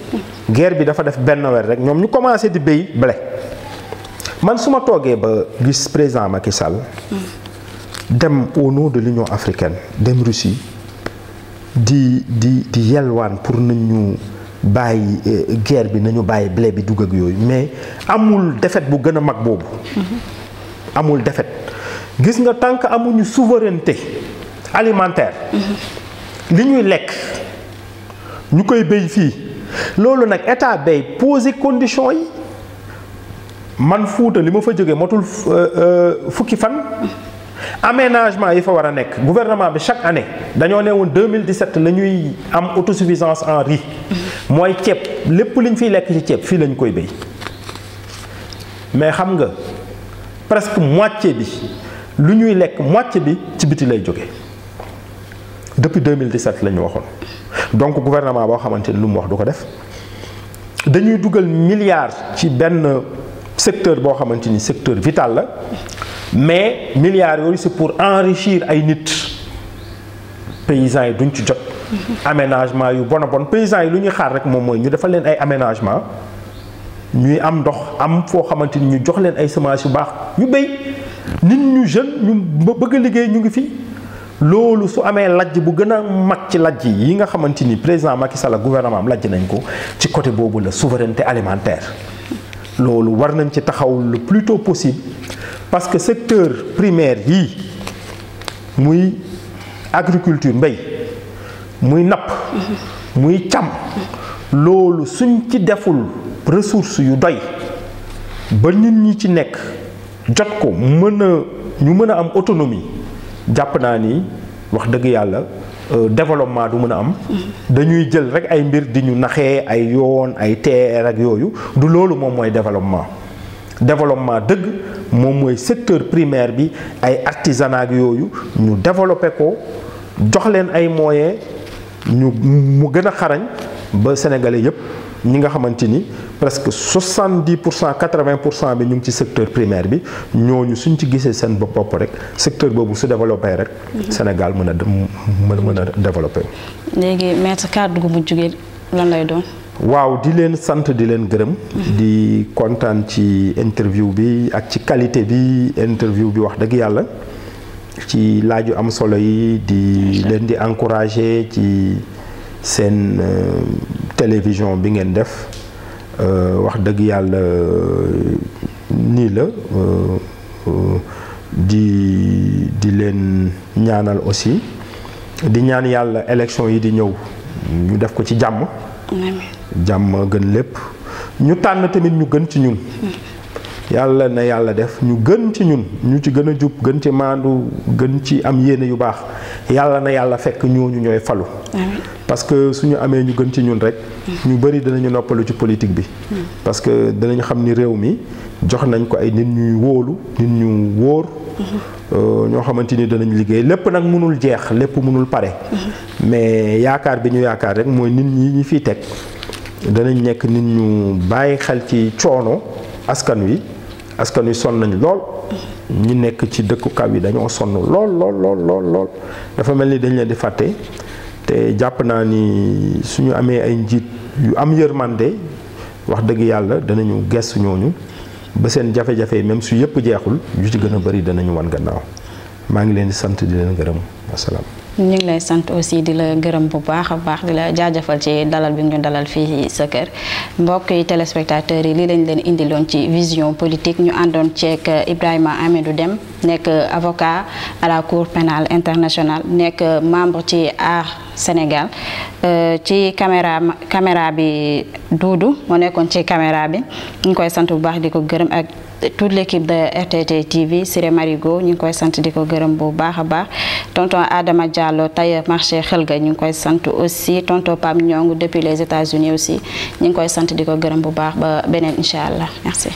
guerre bi dafa def benn weer rek ñoom ñu commencé di béy blé man su ma toogee ba gis président Macky Sall dem au nom de l'Union africaine dem Russie di di di yelwaan pour nañu bàyyi eh, guerre bi nañu bàyyi blé bi dugg ak yooyu mais amul défaite bu gën a mag boobu amul défaite gis nga tant que amuñu souveraineté alimentaire li ñuy lekk ñu koy béy fii loolu nag état bay poser condition yi man fuuta li ma fa jógee motul euh, euh, fukki fan aménagement yi fa war a nekk gouvernement bi chaque année dañoo ne woon 2017 la ñuy am autosuffisance en riz mooy ceeb lépp li liñ fiy lekk ci ceeb fii lañ koy béy mais xam nga presque moitié bi lu ñuy lekk moitié bi ci biti lay jóge depuis 2017 la ñu waxoon donc gouvernement boo xamante ni lu mu wax du ko def dañuy dugal milliards ci benn secteur boo xamante ni secteur vital la mais milliards yooyu c'est pour enrichir ay nit paysans yi duñ ci jot. aménagement yu bon a bon paysans yi lu ñuy xaar rek moom mooy ñu defal leen ay aménagement ñuy am ndox am foo xamante ni ñu jox leen ay semences yu baax ñu béy nit ñu jeune ñu bëgg liggéey ñu ngi fi. loolu su amee lajj bu gën a mag ci lajj yi nga xamante ni président Macky Sall gouvernement am lajj nañ ko ci côté boobu la souveraineté alimentaire loolu war nañ ci taxawul le plus tôt possible parce que secteur primaire yii muy agriculture mbéy muy napp muy càmm loolu suñ ci deful ressources yu doy ba nit ñi ci nekk jot ko mën a ñu mën a am autonomie jàpp naa ni wax dëgg yàlla euh, développement du mun a am dañuy jël rek ay mbir di ñu naxee ay yoon ay TER ak yooyu du loolu moom mooy développement développement dëgg moom mooy secteur primaire bi ay artisanat ak yooyu ñu développé ko jox leen ay moyens ñu mu gën a xarañ ba sénégalais yépp ñi nga xamante ni presque soixante di pour cent quatre vingt pour cent bi ñu ngi ci secteur primaire bi ñooñu suñ ci gisee seen bopp bopp rek secteur boobu su développé rek. Mhm. Sénégal mën a mën mën a développé. léegi maître kàddu gu mujj gi lan lay doon. waaw di leen sant di leen gërëm. Mhm. di kontaan ci interview bi ak ci qualité bi interview bi wax dëgg yàlla ci laaju am solo yi di leen di encourager ci. seen euh, télévision bi ngeen def euh, wax dëgg yàlla euh, nii la di di leen ñaanal aussi di ñaan yàlla élection yi di ñëw ñu def ko ci jàmm jàmm gën lépp ñu tànn tamit ñu gën ci ñun yàlla na yàlla def ñu gën ci ñun ñu ci gën a jub gën ci maandu gën ci am yéene yu baax yàlla na yàlla fekk ñooñu ñooy falu parce que suñu amee ñu gën ci ñun rek ñu bëri dinañu noppalu ci politique bi parce que dinañ xam ni réew mi jox nañ ko ay nit ñuy wóolu nit ñu wóor euh, ñoo xamante ni danañ liggéey lépp nag mënul jeex lépp mënul pare mais yaakaar bi ñu yaakaar rek mooy nit ñi ñi fi teg danañ nekk nit ñu bàyyi xel ci coono askan wi askan wi sonn nañ lool ñi nekk ci dëkku kaw yi dañoo sonn lool lool lool lool lool dafa mel ni dañ leen di fàtte te jàpp naa ni su ñu amee ay njiit yu am yërmande wax dëgg yàlla danañu gestu ñooñu ba seen jafe-jafe même su yëpp jeexul yu ci gën a bëri danañu wan gannaaw maa ngi leen sant di leen gërëm wasalaam ñu ngi lay sant aussi di la gërëm bu baax a baax di la jaajëfal ci dalal bi ñu dalal fii sa kër mbokk yi téléspectateurs yi lii lañ leen indiloon ci vision politique ñu àndoon ceeg Ibrahima Hamidou dem nekk avocat à la cour pénale internationale nekk membre ci Aar Sénégal euh, ci caméra caméra bi Doudou moo nekkoon ci caméra bi ñu koy sant bu baax di ko gërëm ak. toute l'équipe de RTT TV Siré Marigo ñu ngi koy sant di ko gërëm bu baax a baax tonton Adama Diallo tailleur marché xel ga ñu ngi koy sant aussi tonto Pam Ñong depuis les États-Unis aussi ñu ngi koy sant di ko gërëm bu baax ba beneen incha allah merci